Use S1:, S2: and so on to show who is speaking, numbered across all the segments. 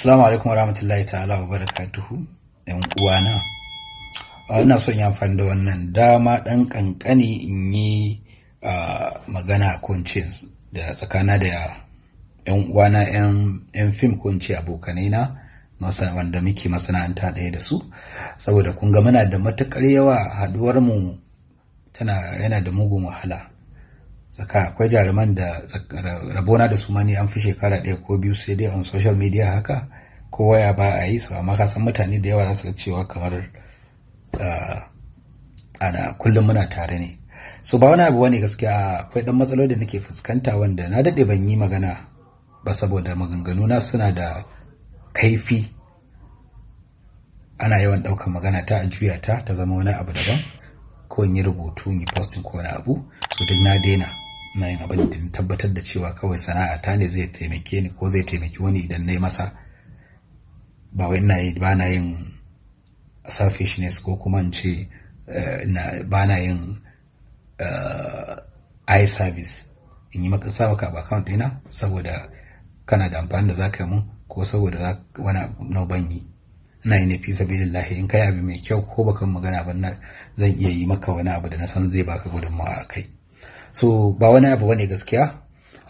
S1: Assalamu alaikum wa rahmatullahi ta'ala wa barakatuhu ɗan uwana. Ina son yi amfani da wannan dama ɗan ƙanƙani in yi magana ko da tsakana da ‘yan uwana ‘yan fim kunci abokanai na wanda muke masana'anta ɗaya da su saboda kun ga muna da matuƙar yawa haɗuwar mu tana yana da mugun wahala tsaka akwai jaruman da rabona da su mani an fi shekara ɗaya ko biyu sai dai on social media haka ko waya ba a yi su amma ka mutane da yawa za su ga cewa kamar ah, ana kullum muna tare ne so ba wani abu wani gaskiya akwai dan matsaloli da nake fuskanta wanda na daɗe ban yi magana ba saboda maganganu na suna da kaifi ana yawan ɗaukar magana ta a juya ta ta zama wani abu daban ko in yi rubutu in yi posting ko wani abu su duk na daina na yin abin da tabbatar da cewa kawai sana'a ta ne zai taimake ni ko zai taimaki wani idan na yi masa ba wai ina yi ba na yin selfishness ko kuma in ce eh, ba na yin eh, eye service in yi maka sa maka account ɗina saboda kana da amfani da zaka mu ko saboda wani na ban yi ina yi ne fi sabilillahi in kai abu mai kyau ko baka magana ba zan iya yi maka wani abu da na san zai baka gudunmawa a kai so ba wani abu bane gaskiya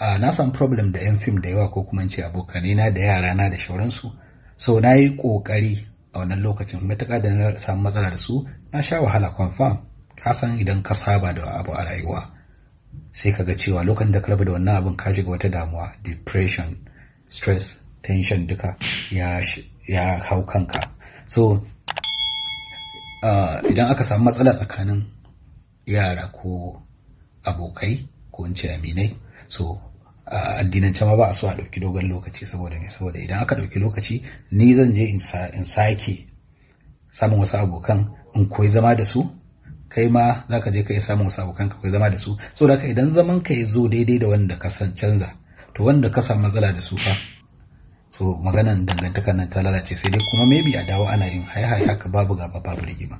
S1: uh, na san problem da yan fim da yawa ko kuma ce abokanai na da yara na da shauransu so na yi kokari a wannan lokacin matuƙa da na samu matsala da su na sha wahala confirm kasan idan ka saba da abu a rayuwa sai ka ga cewa lokacin da ka rabu da wannan abin ka shiga wata damuwa depression stress tension duka ya ya hau kanka so uh, idan aka samu matsala tsakanin yara ko abokai ko in ce aminai so addinan ma ba a so a ɗauki dogon lokaci saboda ne. saboda idan aka ɗauki lokaci ni zan je in sake samun wasu abokan in koyi zama da su kai ma za ka je ka yi samun wasu abokan ka koyi zama da su so da idan zaman ka ya zo daidai da wanda ka san canza to wanda ka samu matsala da su fa so maganan dangantakar nan ta lalace sai dai kuma maybe a dawo ana yin haihai haka babu gaba babu rigima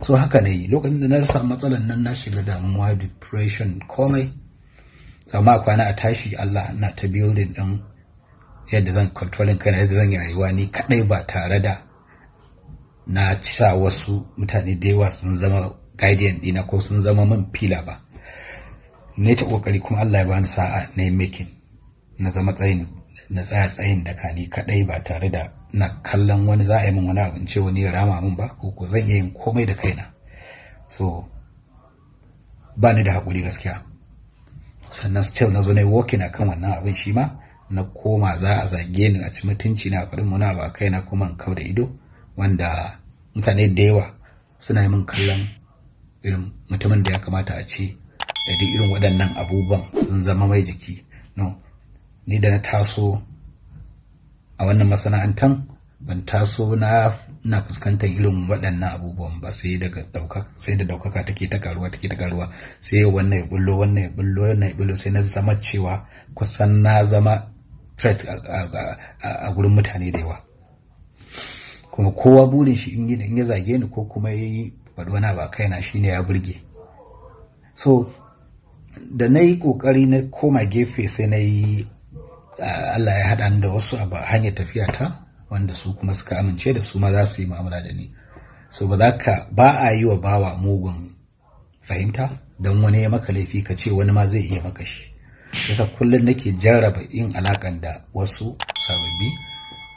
S1: so haka ne lokacin da na rasa matsalar nan na shiga damuwa depression komai amma a kwana a tashi Allah na ta building din yadda zan controlling kaina yadda zan yi rayuwa ni kadai ba tare da na sa wasu mutane da yawa sun zama guardian dina ko sun zama man fila ba ne ta kokari kuma Allah ya bani sa'a na making na zama tsayin na tsaya tsayin da kani kadai ba tare da na kallon wani za a yi min wani abin ce wani ya rama min ba ko ko zan iya yin komai da kaina so ba ni da hakuri gaskiya sannan still na zo na yi walking a kan wannan abin shi ma na koma za a zage ni a ci mutunci na faɗin muna ba kaina kuma in kau da ido wanda mutane da yawa suna yi min kallon irin mutumin da ya kamata a ce da irin waɗannan abubuwan sun zama mai jiki no ni da na taso a wannan masana'antan ban taso na na fuskantar irin waɗannan abubuwan ba sai daga ɗaukaka sai da ɗaukaka take ta karuwa take ta karuwa sai wannan ya bullo wannan ya bullo wannan ya bullo sai na zama cewa kusan na zama threat a gurin mutane da yawa kuma kowa burin shi in ya zage ni ko kuma ya yi faɗi wani abu a kaina shine ya burge so da na yi ƙoƙari na koma gefe sai na yi Allah ya haɗa ni da wasu a hanyar tafiya ta wanda su kuma suka amince da su ma za su yi mu'amala da ni so ba za ka ba a yi wa bawa mugun fahimta don wani ya maka laifi ka ce wani ma zai iya maka shi yasa kullum nake jarraba yin alakan da wasu sababbi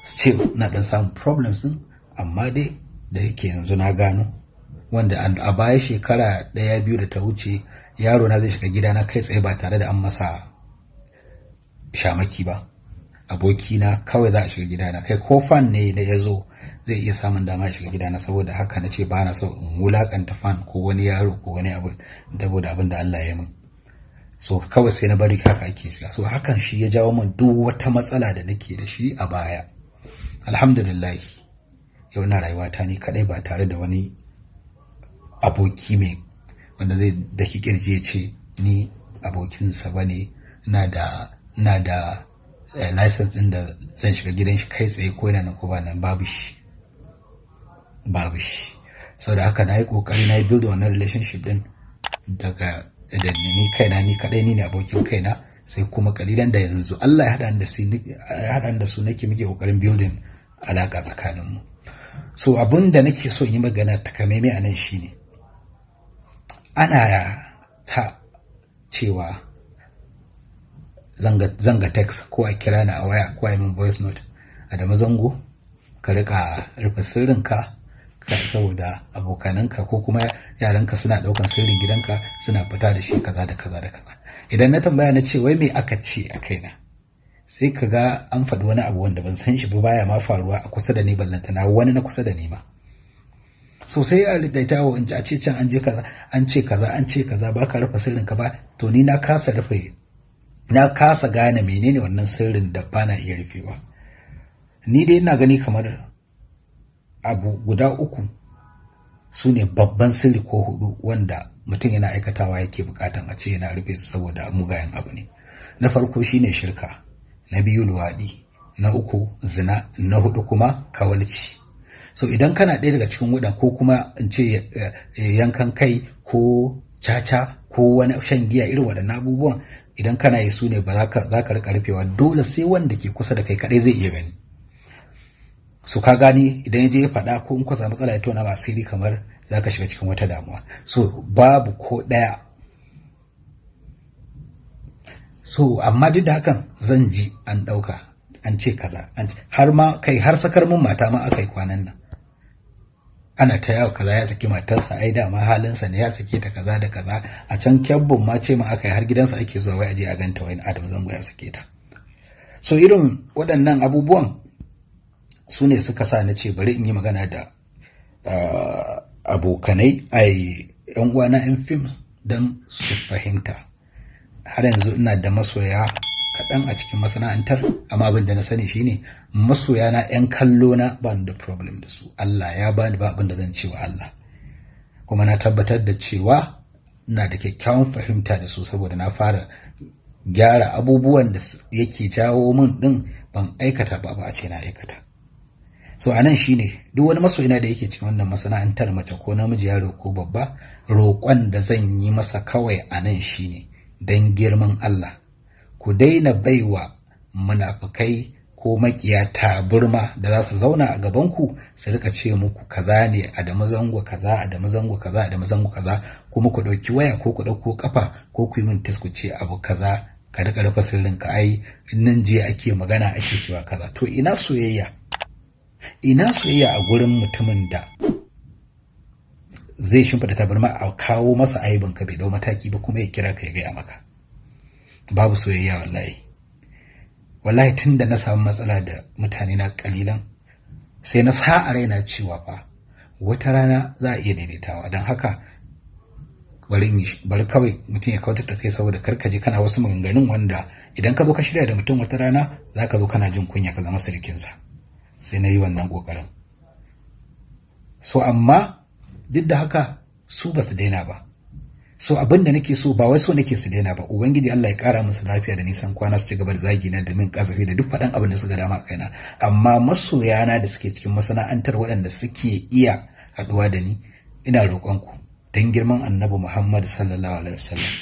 S1: still na dan samun problems din amma dai da yake yanzu na gano wanda a baya shekara ɗaya biyu da ta wuce yaro na zai shiga gida na kai tsaye ba tare da an masa shamaki ba Aboki na kawai za a shiga gidana kai ko fan ne da ya zo zai iya samun dama ya shiga gidana saboda haka na ce ba na so in wulakanta fan ko wani yaro ko wani abu da abin da Allah ya min so kawai sai na bari haka ake shiga so hakan shi ya jawo min duk wata matsala da nake da shi a baya alhamdulillah yau na rayuwa ta ni kadai ba tare da wani aboki mai wanda zai daki kirje ce ni abokinsa bane na da na da eh, license ɗin da zan shiga gidan shi kai tsaye ko yana na ko ba nan babu shi babu shi saboda haka na yi ƙoƙari na yi build wannan relationship ɗin daga da ni kaina ni kaɗai ni ne abokin kaina sai kuma kalilan da yanzu Allah ya haɗa da su nake muke ƙoƙarin building alaƙa mu so abun da nake so yi magana takamaimai a nan shine ana ta cewa zanga text ko a kira ni a waya ko a yi min voice note da zango ka rika rufe ka saboda abokananka ko kuma yaranka suna daukan sirrin gidanka suna fita da shi kaza da kaza da kaza idan na tambaya na ce wai me aka ce a kaina sai ka ga an faɗi wani abu wanda ban san shi ba baya ma faruwa a kusa da ni na wani na kusa da ni ma so sai a daidaita wa in ji a ce can an je kaza an ce kaza an ce kaza ba ka rufe sirrinka ba to ni na kasa rufe na kasa gane menene wannan sirrin da bana iya rufewa ni dai ina gani kamar abu guda uku su ne babban sirri ko hudu wanda mutum yana aikatawa yake bukatan a ce yana rufe su saboda mugayen abu ne na farko shine shirka na biyu luwaɗi na uku zina na hudu kuma kawalci so idan kana ɗaya daga cikin wadan ko kuma in ce eh, yankan kai ko caca ko wani shan giya irin waɗannan abubuwan idan kana yi su ne ba za ka rika rufewa dole sai wanda ke kusa da kai kadai zai iya gani so ka gani idan ya je ya faɗa ko in kusa matsala ya tona asiri kamar za ka shiga cikin wata damuwa so babu ko ɗaya so amma duk da hakan zan ji an ɗauka an ce kaza har ma kai har sakar mun mata ma aka yi kwanan nan ana ta yawo kaza ya saki matarsa ai da ma halinsa ne ya sake ta kaza da kaza a can kyabbun ma ce ma aka yi har gidansa ake zuwa wai aje a ganta wai Adam Zango ya sake ta so irin waɗannan abubuwan su ne suka sa na ce bari in yi magana da ah, abokanai ai yan uwana yan fim don su fahimta har yanzu ina da masoya kaɗan a cikin masana'antar amma abin da na sani shine masoya na yan kallo na ba da problem da su Allah ya bani ba abin da zan wa Allah kuma na tabbatar da cewa na da kyakkyawan fahimta da su saboda na fara gyara abubuwan da yake jawo min din ban aikata ba ba a ce na aikata so anan shine duk wani masoyina da yake cikin wannan masana'antar mace ko namiji yaro ko babba roƙon da zan yi masa kawai anan shine dan girman Allah ku daina baiwa munafukai ko makiya taburma da za su zauna a gabanku su rika ce muku kaza ne a da mazango kaza a da mazango kaza a da mazango kaza kuma ku ɗauki waya ko ku ɗauko kafa ko ku yi min ku ce abu kaza ka rika rufe sirrin ka ai nan je ake magana ake cewa kaza to ina soyayya ina soyayya a gurin mutumin da zai shimfida taburma a kawo masa aibin ka bai dau mataki ba kuma ya kira ka ya gaya maka babu soyayya wallahi wallahi tun da na samu matsala da mutane na kalilan sai na sa a raina cewa fa wata rana za a iya daidaitawa don haka bari kawai mutum ya kawo kai saboda karkaji kana wasu maganganun wanda idan ka zo ka shirya da mutum wata rana za ka zo kana jin kunya ka zama sarkinsa sai na yi wannan ƙoƙarin so amma duk da haka su ba su daina ba so abin da nake so ba wai so nake su daina ba ubangiji Allah ya kara musu lafiya da nisan kwana su ci gaba da zagi na da min kazafi da duk faɗan abin da suka dama kaina amma masoyana da suke cikin masana'antar waɗanda suke iya haɗuwa da ni ina roƙon ku dan girman annabi Muhammad sallallahu alaihi wasallam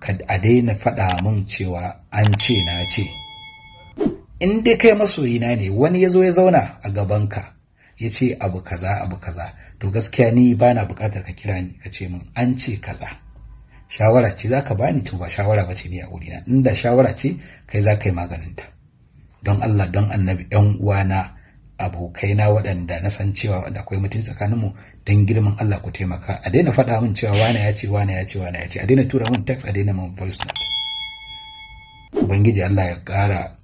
S1: ka a daina faɗa min cewa an ce na ce in dai kai masoyina ne wani ya zo ya zauna a gabanka ya ce abu kaza abu kaza to gaskiya ni bana na bukatar ka kira ni ka ce min an ce kaza shawara ce za ka bani to ba shawara ba ce ne a wurina inda shawara ce kai za ka yi maganinta don Allah don annabi yan uwana abokaina waɗanda na san cewa da akwai mutum tsakaninmu don girman Allah ku taimaka a daina faɗa min cewa wane ya ce wane ya ce wane ya ce a daina tura min text a daina min voice note ubangiji Allah ya kara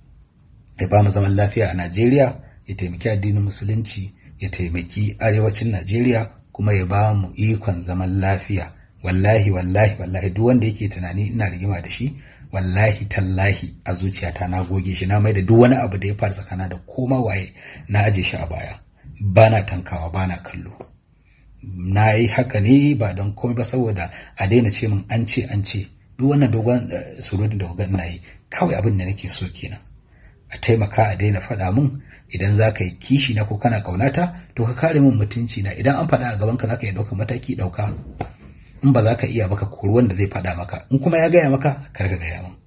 S1: ya ba mu zaman lafiya a Najeriya ya taimaki addinin musulunci ya taimaki arewacin Najeriya kuma ya ba mu ikon zaman lafiya wallahi wallahi wallahi duk wanda yake tunani ina rigima da shi wallahi tallahi a zuciyata na goge shi na maida duk wani abu da ya faru tsakana da koma waye na aje shi a baya bana tankawa bana kallo na yi haka ne ba don komai ba saboda a daina ce min an ce an ce duk wannan dogon eh, surutun da kuka na yi kawai abin da nake so kenan a taimaka a daina faɗa min idan za ka yi kishi na ko kana ƙaunata to ka kare min mutunci na idan an faɗa a gaban ka za ka yi ɗaukar mataki ɗauka in ba za ka iya baka koruwan wanda zai faɗa maka in kuma ya gaya maka kar ka gaya min